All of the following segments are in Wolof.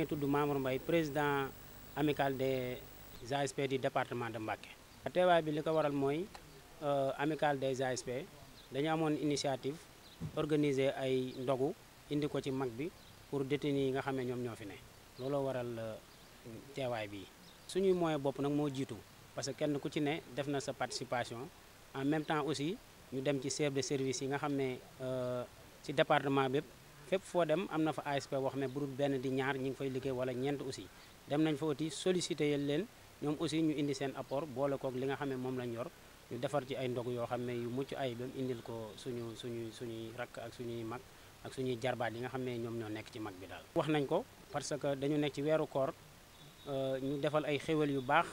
ngi tudd Mamour Mbaye président amical des ASP du département de Mbacké teewaay bi li ko waral mooy euh, amical des ASP dañu amoon initiative organiser ay ndogu indi ko ci mag bi pour détenus yi nga xam ne ñoom ñoo fi ne looloo waral euh, teewaay bi suñuy moyen bopp nag moo jiitu parce que kenn ku ci ne def na sa participation en même temps aussi ñu dem ci chef service yi nga xam ne euh, ci département bépp fépp foo dem am na fa ASP wax ne bu dul benn di ñaar ñi ngi fay liggéey wala ñeent aussi dem nañ fa aussi sollicité leen ñoom aussi ñu indi seen apport boole kook li nga xam ne moom lañ yor ñu defar ci ay ndog yoo xam ne yu mucc ay ayibam indil ko suñu suñu suñuy rakk ak suñuy mag ak suñuy jarbaat yi nga xam ne ñoom ñoo nekk ci mag bi daal. wax nañ ko parce que dañu nekk ci weeru koor euh, ñu defal ay xéwal yu baax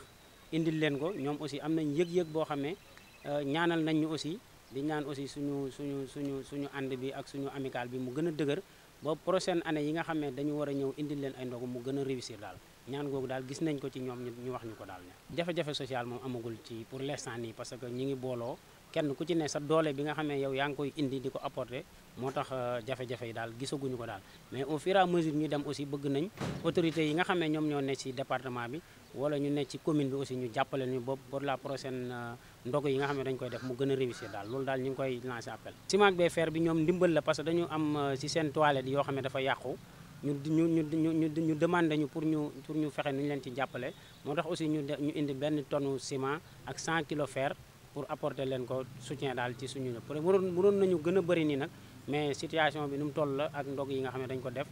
indil leen ko ñoom aussi am nañ yëg-yëg boo xam ne euh, ñaanal nañ ñu aussi. di ñaan aussi suñu suñu suñu suñu ànd bi ak suñu amical bi mu gën a dëgër ba prochaine année yi nga xam ne dañu war a ñëw indi leen ay ndogu mu gën a réussir daal ñaan googu daal gis nañ ko ci ñoom ñu wax ñu ko daal ne jafe-jafe social moom amagul ci pour l'instant nii parce que ñi ngi booloo kenn ku ci ne sa doole bi nga xam ne yaa ngi koy indi di ko apporter moo tax euh, jafe-jafe yi daal gisaguñu ko daal mais au fur et à mesure ñu dem aussi bëgg nañ ñoo ne ci département bi wala ñu bi ñu jàppale ñu boobu pour la prochaine euh, ndogu yi nga xam ne dañ loolu daal ñu ngi koy lancer appel ciment bee euh, ñu ñu ñu ñu ñu demandé ñu pour ñu pour ñu fexe nu ñu leen ci jàppale moo tax aussi ñu ñu indi benn tonne ciment ak kilo fer pour apporter leen ko soutien daal ci suñu lépp mënoon mënoon nañu gën a bëri nii nag mais situation bi nu mu toll la ak ndog yi nga xam ne dañ ko def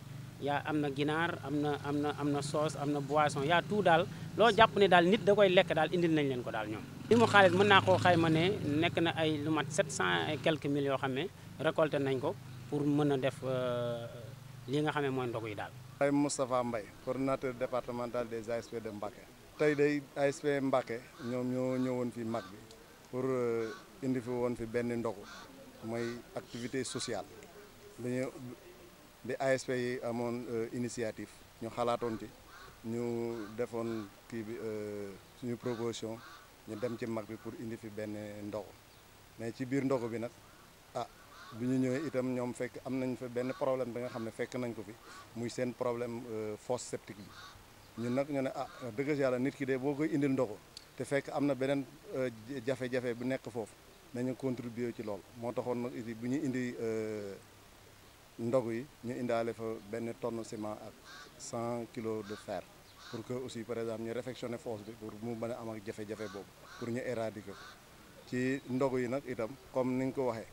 yaa am na ginaar am na am na am na sauce am na boisson yaa tout daal loo jàpp ne daal nit da koy lekk daal indil nañ leen ko daal ñoom li mu xaalis mën naa koo xayma ne nekk na ay lu mat 700 et quelques mille yoo xam ne récolté nañ ko pour mën a def euh, li nga xam ne mooy ndog yi daal ay Moustapha Mbaye coordinateur départemental des de Mbacké tey day ASP Mbacké ñoom mag bi pour euh, indi fi woon fi benn ndogu mooy activité sociale bi ñu bi ASP yi amoon euh, initiative ñu xalaatoon ci ñu defoon kii bi euh, suñu proposition ñu dem ci mag bi pour indi fi benn ndogu mais ci biir ndogu bi nag a ah, bu ñu ñëwee itam ñoom fekk am nañ fa benn problème bi nga xam ne fekk nañ ko fi muy seen problème fosse septique bi ñun nag ñu ne ah dëgg yàlla nit ki de boo koy indil ndogu te fekk am na beneen euh, jafe-jafe bu nekk foofu nañu contribuer ci lool moo taxoon nag aussi bu ñu indi euh, ndog yi ñu indaale fa benn tonne ciment ak 100 kilos de fer pour que aussi par exemple ñu réfectionner force bi pour mu mën a am ak jafe-jafe boobu pour ñu éradiquer ko ci ndogu yi nag itam comme ni nga ko waxee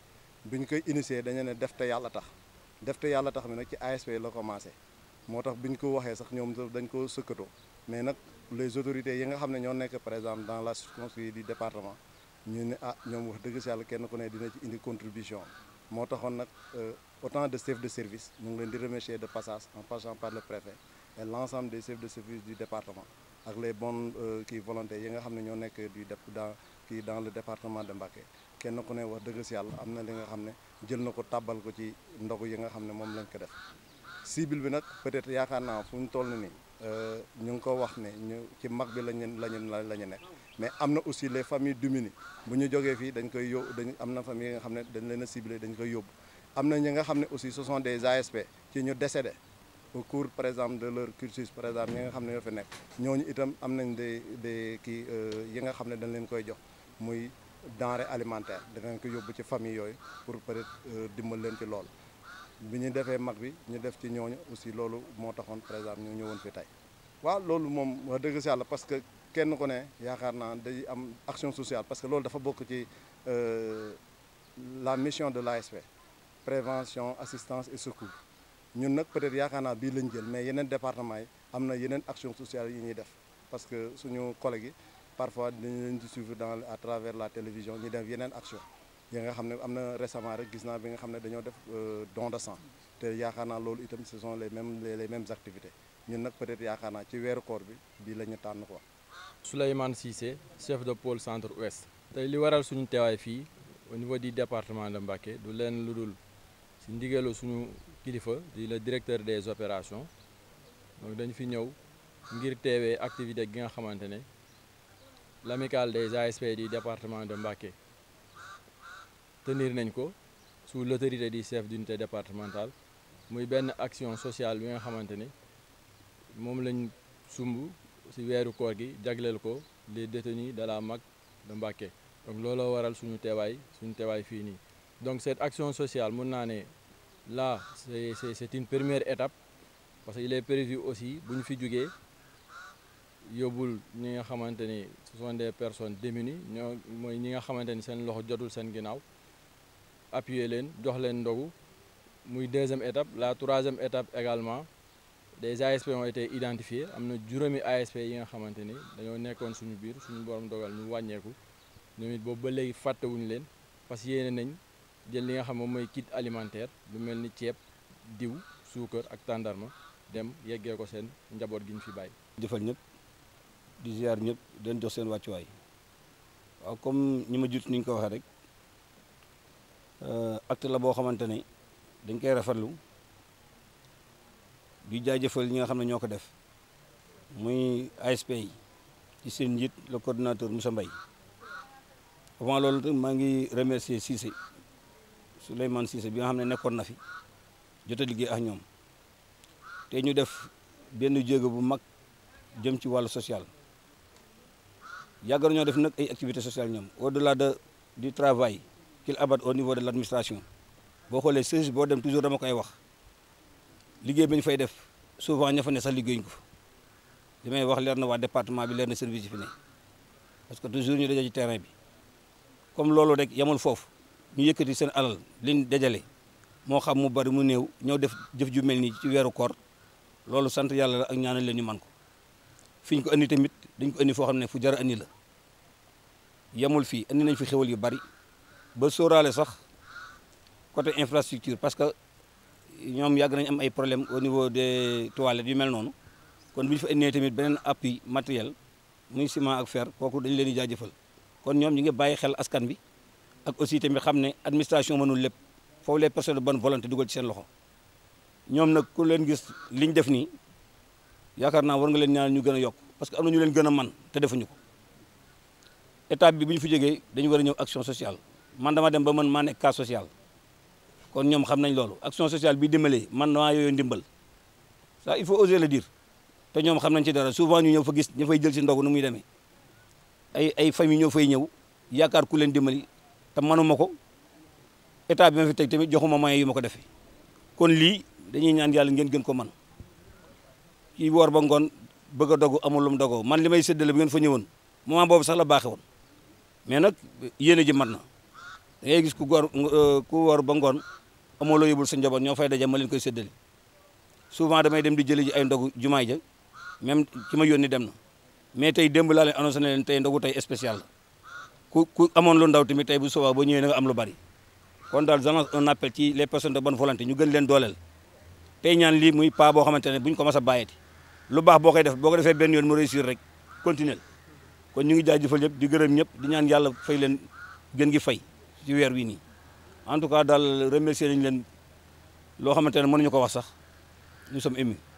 bi ñu koy initier dañu ne def te yàlla tax def te yàlla tax mi nag ci ASP la commencé moo tax bi ñu ko waxee sax ñoom dañ ko sëkkatoo mais nag les autorités yi nga xam ne ñoo nekk par exemple dans la circonscription du département ñu ne ah ñoom wax dëgg si yàlla kenn ku ne dina ci indi contribution moo taxoon nag euh, autant de chefs de service ñu ngi leen di remercier de passage en passant par le préfet et l' ensemble de service du département ak les bonnes euh, kii volontés yi nga xam ne ñoo nekk du dep dans kii dans le département de Mbacké kenn ku ne wax dëgg si yàlla am na li nga xam ne jël na ko tàbbal ko ci ndog yi nga xam ne moom lañ ko def cible bi nag peut-être yaakaar naa fu ñu toll nii ñu ngi ko wax ne ñu ci mag bi la ñu la ñu la ñu nekk mais am na aussi les familles démunies bu ñu jógee fii dañ koy yo dañ am na famille yi nga xam ne dañ leen a dañ koy yóbbu am na ñi nga xam ne aussi ce des ASP ci ñu décédé au cours par exemple de leur cursus par exemple ñi nga xam ne ñoo nekk ñooñu itam am nañ des des kii euh, yi nga xam ne dañ leen koy jox muy denrée alimentaire danañ ko yóbbu ci famille yooyu pour peut-être euh, dimbal leen ci lool bi ñu defee mag bi ñu def ci ñooñu aussi loolu moo taxoon par exemple ñu ñëwoon fi tey waaw loolu moom wax dëgg si yàlla parce que kenn ko ne yaakaar naa day am action sociale parce que loolu dafa bokk ci euh, la mission de la l'ASP prévention assistance et secours ñun nag peut-être yaakaar naa bii lañ jël mais yeneen département yi am na yeneen action sociale yi ñuy def parce que suñu collègues yi parfois dañu leen di suivre dans à travers la télévision ñu def yeneen action ñi nga xam ne am na récemment rek gis naa bi nga xam ne dañoo def euh, don de sang te yaakaar naa loolu itam ce les mêmes les mêmes activités ñu nag peut-être yaakaar naa ci weeru koor bi bii la ñu tànn quoi. Souleymane Cissé chef de pôle centre ouest. tey li waral suñu teewaay fii au niveau du département de Mbacké du leen lu dul si ndigalu suñu kilifa di la directeur des opérations donc dañ fi ñëw ngir teewee activité gi nga xamante ne l'amicale des di du département de Mbacké. tenir nañ ko sous l'autorité du chef d'unité départementale muy benn action sociale bi nga xamante ni moom lañ sumb si weeru koor gi jagleel ko les détenus de la MAC de Mbacké donc looloo waral suñu teewaay suñu teewaay fii nii donc cette action sociale mun naa ne là c'est c'est c'est une première étape parce que il est prévu aussi bu ñu fi jógee yóbbul ñi nga xamante ni ce des personnes démunies ñoo mooy ñi nga xamante ni seen loxo jotul seen ginnaaw appuyer leen jox leen ndogu muy deuxième étape la troisième étape également des ASP ont été identifiés am na juróomi ASP yi nga xamante ni dañoo nekkoon suñu biir suñu borom dogal ñu wàññeeku ñoom it boobu ba léegi fàttewuñu leen parce que yéene nañ jël li nga xam moom mooy kit alimentaire lu mel ni ceeb diw suukar ak tàndarma dem yeggee ko seen njaboot gi ñu fi bàyyi. jëfal ñëpp di ziar ñëpp den jox seen wàccuwaay waaw comme ñu ma jiitu ni ñu ko waxee rek. Euh, acte la boo xamante ni dañ koy rafetlu di jaajëfal ñi nga xam ne ñoo ko def muy ASP yi ci seen njiit la coordinateur Moussa Mbaye avant loolu tam maa ngi remercier Cissé Souleymane Cissé bi nga xam ne nekkoon na fi jot a liggéey ak ñoom te ñu def benn jéego bu mag jëm ci wàll social yàgg ñoo def nag ay activité sociales ñoom au delà de du travail qu'il aborde au niveau de l'administration boo xoolee service boo dem toujours dama koy wax liggéey bi ñu fay def souvent ña fa ne sax liggéeyuñ ko li may wax leer na waa département bi leer na service yi fi ne parce que toujours ñu dajale ci terrain bi comme loolu rek yamul foofu ñu yëkkati seen alal liñ dajale moo xam mu bari mu néew ñëw def jëf ju mel nii ci weeru koor loolu sant yàlla la ak ñaanal leen ñu man ko fi ko andi tamit dañ ko andi foo xam ne fu jar a la yamul fii andi nañ fi yu bari ba sóoraale sax côté infrastructure parce que ñoom yàgg nañu am ay problème au niveau des toilettes yu mel noonu kon bu ñu fa indee tamit beneen appui matériel muy ciment ak fer kooku dañu leen di jaajëfal kon ñoom ñu ngi bàyyi xel askan bi ak aussi tamit xam ne administration mënul lépp foofu les personnes de bonne volonté dugal ci seen loxo ñoom nag ku leen gis li ñu def nii yaakaar naa war nga leen ñaan ñu gën a yokk parce que am na ñu leen gën a man te defuñu ko état bi bu ñu fi jógee dañu war a ñëw action sociale man dama dem ba man maa nekk cas social kon ñoom xam nañ loolu action social bii dimbalee man maa yooyu ndimbal ça il faut oser le dire te ñoom xam nañ ci dara souvent ñu ñëw fa gis ñu fay jël si ndogu nu muy demee ay ay famille ñoo fay ñëw yaakaar ku leen dimbali te manuma ko état bi ma fi teg tamit joxuma moyen yu ma ko defee kon lii dañuy ñaan yàlla ngeen gën ko man kii woor ba ngoon bëgg a dogu amul lu mu dogoo man li may séddale bi ngeen fa ñëwoon moment boobu sax la baaxe woon mais nag yéene ji mat na da ngay gis ku góor ku woor ba ngoon amoo loo yóbbul sa njaboot ñoo fay daje ma leen koy séddale souvent damay dem di jëli ji ay ndogu jumaay ja même ci ma yónni dem mais tey démb laa leen annoncé na tey ndogu spécial ku ku amoon lu ndaw tamit tey bu soobaa ba ñëwee na am lu bari kon daal j'en lance un appel ci les personnes de bonne volonté ñu gën leen dooleel tey ñaan lii muy pas boo xamante ne bu ñu ko mas a bàyyeti lu baax boo koy def boo ko defee benn yoon mu réussir rek continuer kon ñu ngi jaajëfal ñëpp di gërëm ñëpp di ñaan yàlla fay leen gën gi fay ci weer wi nii en tout cas daal remercier nañu leen loo xamante ne mënuñu ko wax sax nous sommes émus